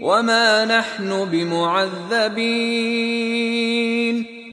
وما نحن بمعذبين